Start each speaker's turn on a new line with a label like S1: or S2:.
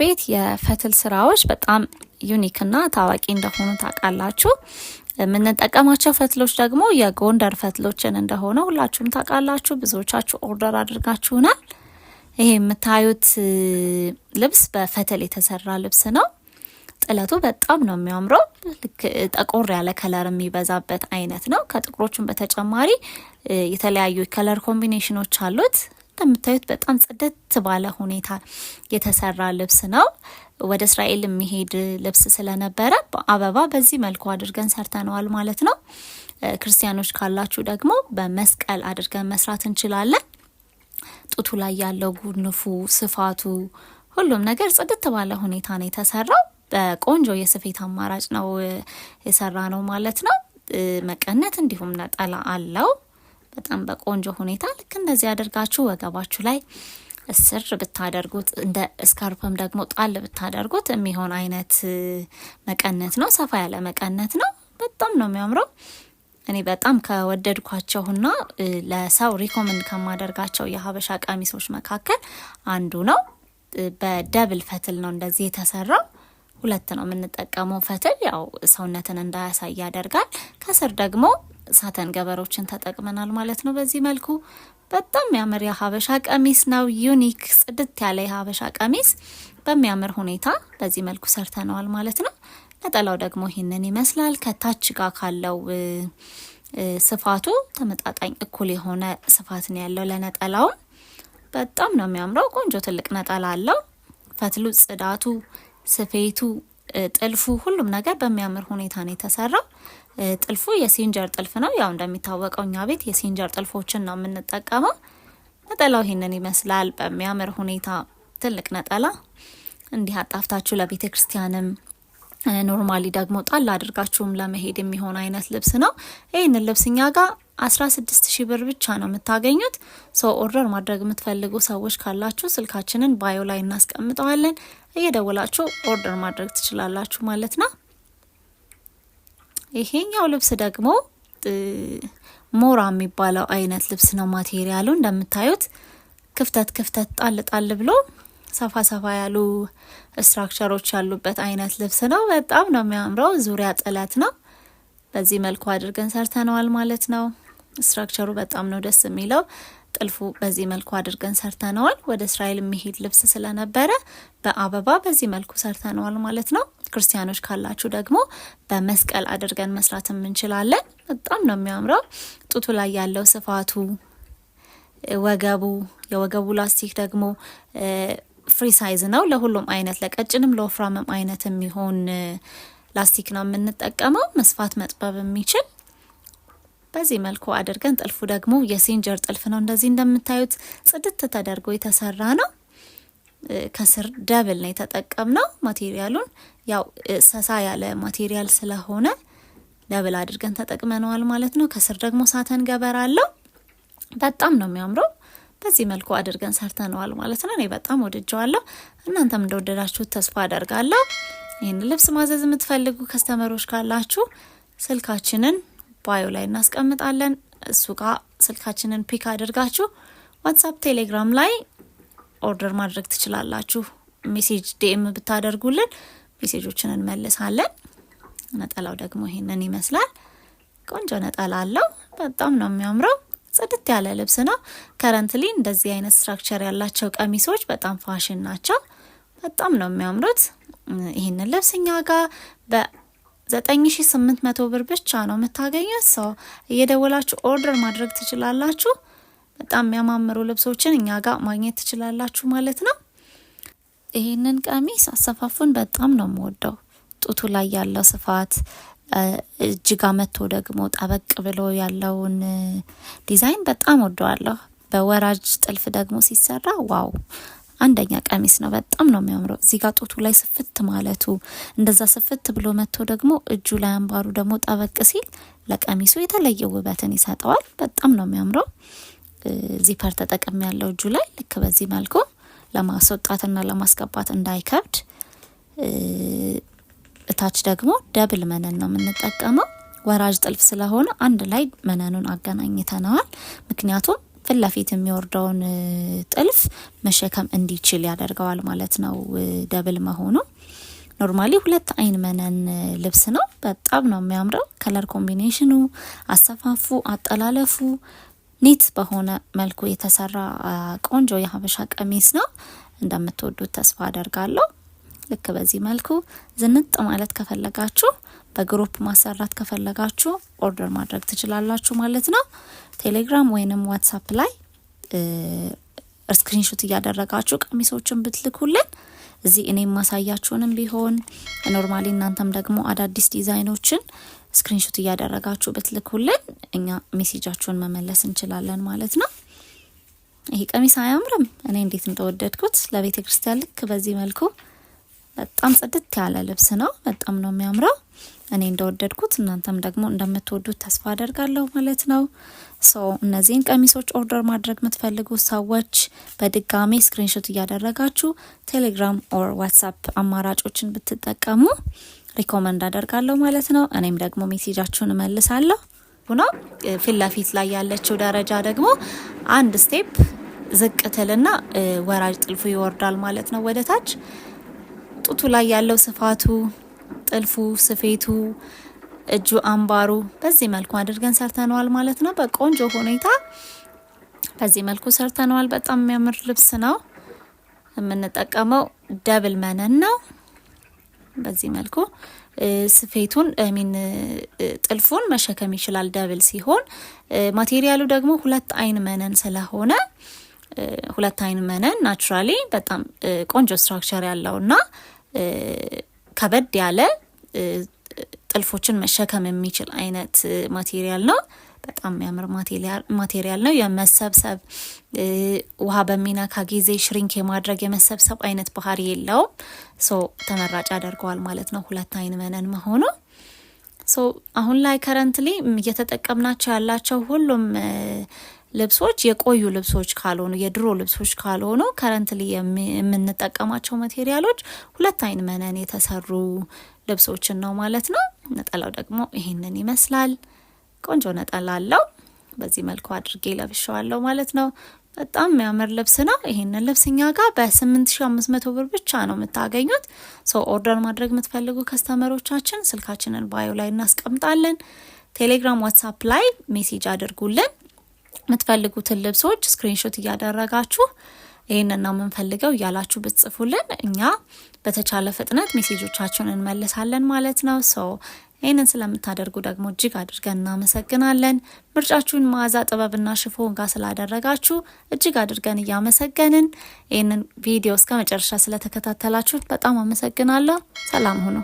S1: ቤት የፈትል ስራዎች በጣም ዩኒክ እና ታዋቂ እንደሆኑ ታውቃላችሁ። የምንጠቀማቸው ፈትሎች ደግሞ የጎንደር ፈትሎችን እንደሆነ ሁላችሁም ታውቃላችሁ። ብዙዎቻችሁ ኦርደር አድርጋችሁናል። ይሄ የምታዩት ልብስ በፈትል የተሰራ ልብስ ነው። ጥለቱ በጣም ነው የሚያምረው። ልክ ጠቆር ያለ ከለር የሚበዛበት አይነት ነው። ከጥቁሮቹም በተጨማሪ የተለያዩ ከለር ኮምቢኔሽኖች አሉት። እንደምታዩት በጣም ጽድት ባለ ሁኔታ የተሰራ ልብስ ነው። ወደ እስራኤል የሚሄድ ልብስ ስለነበረ በአበባ በዚህ መልኩ አድርገን ሰርተነዋል ማለት ነው። ክርስቲያኖች ካላችሁ ደግሞ በመስቀል አድርገን መስራት እንችላለን። ጡቱ ላይ ያለው ጉንፉ፣ ስፋቱ፣ ሁሉም ነገር ጽድት ባለ ሁኔታ ነው የተሰራው። በቆንጆ የስፌት አማራጭ ነው የሰራ ነው ማለት ነው። መቀነት እንዲሁም ነጠላ አለው። በጣም በቆንጆ ሁኔታ ልክ እንደዚህ ያደርጋችሁ ወገባችሁ ላይ እስር ብታደርጉት እንደ እስካርፕም ደግሞ ጣል ብታደርጉት የሚሆን አይነት መቀነት ነው። ሰፋ ያለ መቀነት ነው። በጣም ነው የሚያምረው። እኔ በጣም ከወደድኳቸውና ለሰው ሪኮመንድ ከማደርጋቸው የሀበሻ ቀሚሶች መካከል አንዱ ነው። በደብል ፈትል ነው እንደዚህ የተሰራው። ሁለት ነው የምንጠቀመው ፈትል ያው ሰውነትን እንዳያሳይ ያደርጋል። ከስር ደግሞ ሳተን ገበሮችን ተጠቅመናል ማለት ነው። በዚህ መልኩ በጣም የሚያምር የሀበሻ ቀሚስ ነው። ዩኒክ ጽድት ያለ የሀበሻ ቀሚስ በሚያምር ሁኔታ በዚህ መልኩ ሰርተነዋል ማለት ነው። ነጠላው ደግሞ ይህንን ይመስላል። ከታች ጋር ካለው ስፋቱ ተመጣጣኝ እኩል የሆነ ስፋት ነው ያለው። ለነጠላውም በጣም ነው የሚያምረው። ቆንጆ ትልቅ ነጠላ አለው። ፈትሉ፣ ጽዳቱ፣ ስፌቱ፣ ጥልፉ ሁሉም ነገር በሚያምር ሁኔታ ነው የተሰራው። ጥልፉ የሲንጀር ጥልፍ ነው። ያው እንደሚታወቀው እኛ ቤት የሲንጀር ጥልፎችን ነው የምንጠቀመው። ነጠላው ይህንን ይመስላል። በሚያምር ሁኔታ ትልቅ ነጠላ እንዲህ አጣፍታችሁ ለቤተ ክርስቲያንም ኖርማሊ ደግሞ ጣል አድርጋችሁም ለመሄድ የሚሆን አይነት ልብስ ነው። ይህንን ልብስ እኛ ጋር አስራ ስድስት ሺህ ብር ብቻ ነው የምታገኙት። ሰው ኦርደር ማድረግ የምትፈልጉ ሰዎች ካላችሁ ስልካችንን ባዮ ላይ እናስቀምጠዋለን። እየደወላችሁ ኦርደር ማድረግ ትችላላችሁ ማለት ነው። ይሄኛው ልብስ ደግሞ ሞራ የሚባለው አይነት ልብስ ነው። ማቴሪያሉ እንደምታዩት ክፍተት ክፍተት ጣል ጣል ብሎ ሰፋ ሰፋ ያሉ ስትራክቸሮች ያሉበት አይነት ልብስ ነው። በጣም ነው የሚያምረው። ዙሪያ ጥለት ነው። በዚህ መልኩ አድርገን ሰርተነዋል ማለት ነው። ስትራክቸሩ በጣም ነው ደስ የሚለው። ጥልፉ በዚህ መልኩ አድርገን ሰርተነዋል። ወደ እስራኤል የሚሄድ ልብስ ስለነበረ በአበባ በዚህ መልኩ ሰርተነዋል ማለት ነው። ክርስቲያኖች ካላችሁ ደግሞ በመስቀል አድርገን መስራት እንችላለን። በጣም ነው የሚያምረው። ጡቱ ላይ ያለው ስፋቱ፣ ወገቡ የወገቡ ላስቲክ ደግሞ ፍሪ ሳይዝ ነው። ለሁሉም አይነት ለቀጭንም ለወፍራምም አይነት የሚሆን ላስቲክ ነው የምንጠቀመው። መስፋት መጥበብ የሚችል በዚህ መልኩ አድርገን ጥልፉ ደግሞ የሲንጀር ጥልፍ ነው። እንደዚህ እንደምታዩት ጽድት ተደርጎ የተሰራ ነው። ከስር ደብል ነው የተጠቀምነው። ማቴሪያሉን ያው ሰሳ ያለ ማቴሪያል ስለሆነ ደብል አድርገን ተጠቅመነዋል ማለት ነው። ከስር ደግሞ ሳተን ገበር አለው። በጣም ነው የሚያምረው። በዚህ መልኩ አድርገን ሰርተነዋል ማለት ነው። እኔ በጣም ወድጀዋለሁ። እናንተም እንደወደዳችሁት ተስፋ አደርጋለሁ። ይህን ልብስ ማዘዝ የምትፈልጉ ከስተመሮች ካላችሁ ስልካችንን ባዮ ላይ እናስቀምጣለን። እሱ ጋር ስልካችንን ፒክ አድርጋችሁ ዋትሳፕ፣ ቴሌግራም ላይ ኦርደር ማድረግ ትችላላችሁ። ሜሴጅ ዲኤም ብታደርጉልን ሜሴጆችን እንመልሳለን። ነጠላው ደግሞ ይሄንን ይመስላል። ቆንጆ ነጠላ አለው። በጣም ነው የሚያምረው። ጽድት ያለ ልብስ ነው። ከረንትሊ እንደዚህ አይነት ስትራክቸር ያላቸው ቀሚሶች በጣም ፋሽን ናቸው። በጣም ነው የሚያምሩት። ይህንን ልብስ እኛ ጋር በዘጠኝ ሺ ስምንት መቶ ብር ብቻ ነው የምታገኙት። ሰው እየደወላችሁ ኦርደር ማድረግ ትችላላችሁ። በጣም የሚያማምሩ ልብሶችን እኛ ጋር ማግኘት ትችላላችሁ ማለት ነው። ይህንን ቀሚስ አሰፋፉን በጣም ነው የምወደው። ጡቱ ላይ ያለው ስፋት እጅጋ መጥቶ ደግሞ ጠበቅ ብሎ ያለውን ዲዛይን በጣም ወደዋለሁ። በወራጅ ጥልፍ ደግሞ ሲሰራ ዋው አንደኛ ቀሚስ ነው። በጣም ነው የሚያምረው። እዚህ ጋር ጦቱ ላይ ስፍት ማለቱ እንደዛ ስፍት ብሎ መጥቶ ደግሞ እጁ ላይ አንባሩ ደግሞ ጠበቅ ሲል ለቀሚሱ የተለየ ውበትን ይሰጠዋል። በጣም ነው የሚያምረው። ዚፐር ተጠቅም ያለው እጁ ላይ ልክ በዚህ መልኩ ለማስወጣትና ለማስገባት እንዳይከብድ እታች ደግሞ ደብል መነን ነው የምንጠቀመው። ወራጅ ጥልፍ ስለሆነ አንድ ላይ መነኑን አገናኝተነዋል። ምክንያቱም ፊት ለፊት የሚወርደውን ጥልፍ መሸከም እንዲችል ያደርገዋል ማለት ነው ደብል መሆኑ። ኖርማሊ ሁለት አይን መነን ልብስ ነው። በጣም ነው የሚያምረው። ከለር ኮምቢኔሽኑ፣ አሰፋፉ፣ አጠላለፉ ኒት በሆነ መልኩ የተሰራ ቆንጆ የሀበሻ ቀሚስ ነው። እንደምትወዱት ተስፋ አደርጋለሁ። ልክ በዚህ መልኩ ዝንጥ ማለት ከፈለጋችሁ በግሩፕ ማሰራት ከፈለጋችሁ ኦርደር ማድረግ ትችላላችሁ ማለት ነው። ቴሌግራም ወይንም ዋትሳፕ ላይ ስክሪንሾት እያደረጋችሁ ቀሚሶችን ብትልኩልን እዚህ እኔ ማሳያችሁንም ቢሆን ኖርማሊ እናንተም ደግሞ አዳዲስ ዲዛይኖችን ስክሪንሾት እያደረጋችሁ ብትልኩልን እኛ ሜሴጃችሁን መመለስ እንችላለን ማለት ነው። ይሄ ቀሚስ አያምርም? እኔ እንዴት እንደወደድኩት ለቤተ ክርስቲያን ልክ በዚህ መልኩ በጣም ጽድት ያለ ልብስ ነው። በጣም ነው የሚያምረው። እኔ እንደወደድኩት እናንተም ደግሞ እንደምትወዱት ተስፋ አደርጋለሁ ማለት ነው። ሰው እነዚህን ቀሚሶች ኦርደር ማድረግ የምትፈልጉ ሰዎች በድጋሜ ስክሪንሾት እያደረጋችሁ ቴሌግራም ኦር ዋትሳፕ አማራጮችን ብትጠቀሙ ሪኮመንድ አደርጋለሁ ማለት ነው። እኔም ደግሞ ሜሴጃችሁን እመልሳለሁ። ሁኖ ፊት ለፊት ላይ ያለችው ደረጃ ደግሞ አንድ ስቴፕ ዝቅ ትልና ወራጅ ጥልፉ ይወርዳል ማለት ነው ወደታች ጡቱ ላይ ያለው ስፋቱ ጥልፉ ስፌቱ እጁ አምባሩ በዚህ መልኩ አድርገን ሰርተነዋል ማለት ነው። በቆንጆ ሁኔታ በዚህ መልኩ ሰርተነዋል። በጣም የሚያምር ልብስ ነው። የምንጠቀመው ደብል መነን ነው። በዚህ መልኩ ስፌቱን ሚን ጥልፉን መሸከም ይችላል ደብል ሲሆን፣ ማቴሪያሉ ደግሞ ሁለት አይን መነን ስለሆነ ሁለት አይን መነን ናቹራሊ በጣም ቆንጆ ስትራክቸር ያለውና ከበድ ያለ ጥልፎችን መሸከም የሚችል አይነት ማቴሪያል ነው። በጣም የሚያምር ማቴሪያል ነው። የመሰብሰብ ውሃ በሚነካ ጊዜ ሽሪንክ የማድረግ የመሰብሰብ አይነት ባህሪ የለውም። ሶ ተመራጭ ያደርገዋል ማለት ነው ሁለት አይን መነን መሆኑ። ሶ አሁን ላይ ከረንትሊ እየተጠቀምናቸው ያላቸው ሁሉም ልብሶች የቆዩ ልብሶች ካልሆኑ የድሮ ልብሶች ካልሆኑ ከረንትሊ የምንጠቀማቸው ማቴሪያሎች ሁለት አይን መነን የተሰሩ ልብሶችን ነው ማለት ነው። ነጠላው ደግሞ ይሄንን ይመስላል። ቆንጆ ነጠላ አለው። በዚህ መልኩ አድርጌ ለብሸዋለሁ ማለት ነው። በጣም የሚያምር ልብስ ነው። ይሄንን ልብስ እኛ ጋር በ8500 ብር ብቻ ነው የምታገኙት። ሰው ኦርደር ማድረግ የምትፈልጉ ከስተመሮቻችን ስልካችንን ባዮ ላይ እናስቀምጣለን። ቴሌግራም፣ ዋትሳፕ ላይ ሜሴጅ አድርጉልን። የምትፈልጉትን ልብሶች ስክሪንሾት እያደረጋችሁ ይህንን ነው የምንፈልገው እያላችሁ ብትጽፉልን እኛ በተቻለ ፍጥነት ሜሴጆቻችሁን እንመልሳለን ማለት ነው። ሰው ይህንን ስለምታደርጉ ደግሞ እጅግ አድርገን እናመሰግናለን። ምርጫችሁን መዓዛ ጥበብና ሽፎን ጋር ስላደረጋችሁ እጅግ አድርገን እያመሰገንን ይህንን ቪዲዮ እስከ መጨረሻ ስለተከታተላችሁት በጣም አመሰግናለሁ። ሰላም ሁኑ።